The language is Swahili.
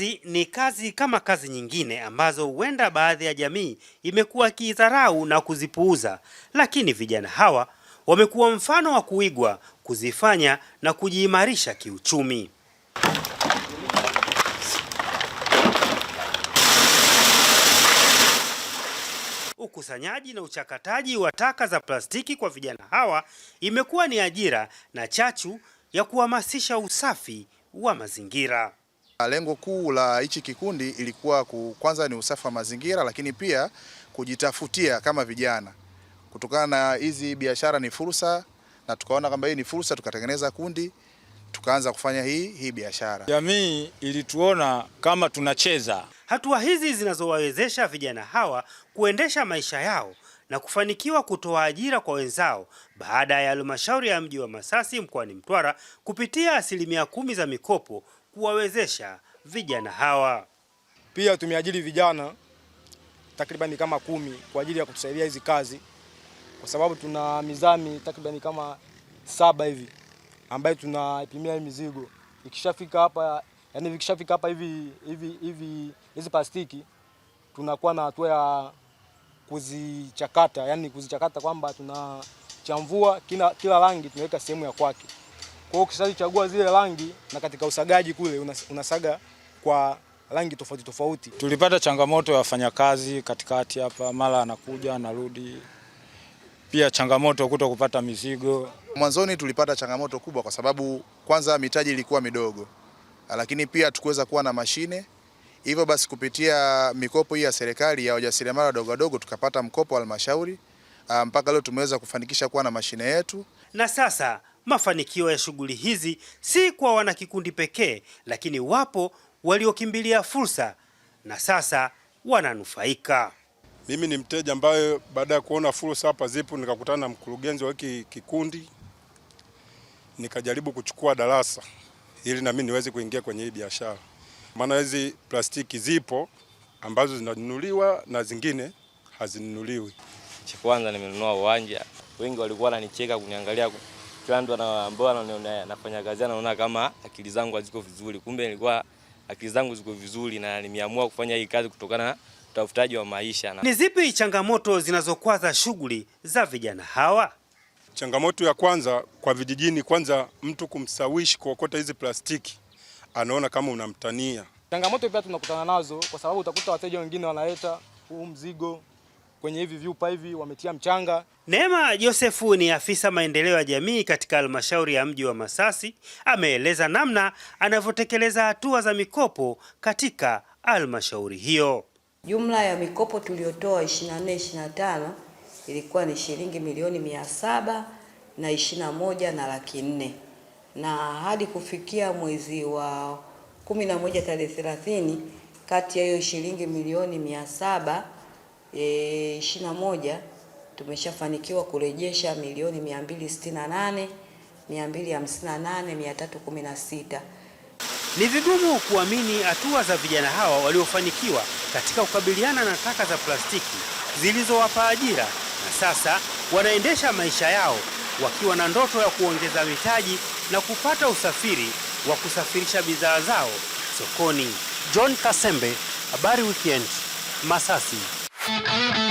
hizi ni kazi kama kazi nyingine ambazo huenda baadhi ya jamii imekuwa kiidharau na kuzipuuza, lakini vijana hawa wamekuwa mfano wa kuigwa kuzifanya na kujiimarisha kiuchumi. Ukusanyaji na uchakataji wa taka za plastiki kwa vijana hawa imekuwa ni ajira na chachu ya kuhamasisha usafi wa mazingira. Lengo kuu la hichi kikundi ilikuwa kwanza ni usafi wa mazingira, lakini pia kujitafutia kama vijana, kutokana na hizi biashara ni fursa, na tukaona kwamba hii ni fursa, tukatengeneza kundi tukaanza kufanya hii hii biashara. Jamii ilituona kama tunacheza. Hatua hizi zinazowawezesha vijana hawa kuendesha maisha yao na kufanikiwa kutoa ajira kwa wenzao baada ya halmashauri ya mji wa Masasi mkoani Mtwara kupitia asilimia kumi za mikopo kuwawezesha vijana hawa. Pia tumeajiri vijana takribani kama kumi kwa ajili ya kutusaidia hizi kazi, kwa sababu tuna mizani takribani kama saba hivi ambayo tunaipimia hii mizigo ikishafika hapa, yani vikishafika hapa hivi hivi hivi hizi plastiki tunakuwa na hatua ya kuzichakata, yani kuzichakata kwamba tuna kila, kila rangi tunaweka sehemu ya kwake. Kwa hiyo ukishachagua zile rangi na katika usagaji kule unasaga kwa rangi tofauti tofauti. Tulipata changamoto ya wafanyakazi katikati hapa, mara anakuja anarudi, pia changamoto kuto kupata mizigo. Mwanzoni tulipata changamoto kubwa kwa sababu kwanza mitaji ilikuwa midogo, lakini pia tukuweza kuwa na mashine. Hivyo basi kupitia mikopo hii ya serikali ya wajasiriamali wadogo wadogo tukapata mkopo wa halmashauri ah, mpaka leo tumeweza kufanikisha kuwa na mashine yetu na sasa Mafanikio ya shughuli hizi si kwa wanakikundi pekee, lakini wapo waliokimbilia fursa na sasa wananufaika. Mimi ni mteja ambaye baada ya kuona fursa hapa zipo, nikakutana na mkurugenzi wa hiki kikundi, nikajaribu kuchukua darasa ili nami niweze kuingia kwenye hii biashara, maana hizi plastiki zipo ambazo zinanunuliwa na zingine hazinunuliwi. Cha kwanza nimenunua uwanja, wengi walikuwa wananicheka kuniangalia kila mtu ambao anafanya kazi anaona kama akili zangu haziko vizuri, kumbe nilikuwa akili zangu ziko vizuri na nimeamua kufanya hii kazi kutokana na utafutaji wa maisha. Ni zipi changamoto zinazokwaza shughuli za vijana hawa? Changamoto ya kwanza kwa vijijini, kwanza mtu kumsawishi kuokota hizi plastiki, anaona kama unamtania. Changamoto pia tunakutana nazo kwa sababu utakuta wateja wengine wanaleta huu mzigo kwenye hivi vyupa hivi wametia mchanga. Neema Josefu ni afisa maendeleo ya jamii katika halmashauri ya mji wa Masasi, ameeleza namna anavyotekeleza hatua za mikopo katika halmashauri hiyo. Jumla ya mikopo tuliyotoa 24 25 ilikuwa ni shilingi milioni mia saba na ishirini na moja na laki nne na hadi kufikia mwezi wa 11 tarehe 30, kati ya hiyo shilingi milioni mia saba e, 21 tumeshafanikiwa kurejesha milioni 268 258316. Ni vigumu kuamini hatua za vijana hawa waliofanikiwa katika kukabiliana na taka za plastiki zilizowapa ajira na sasa wanaendesha maisha yao wakiwa na ndoto ya kuongeza mitaji na kupata usafiri wa kusafirisha bidhaa zao sokoni. John Kasembe, Habari Weekend, Masasi. Thank you.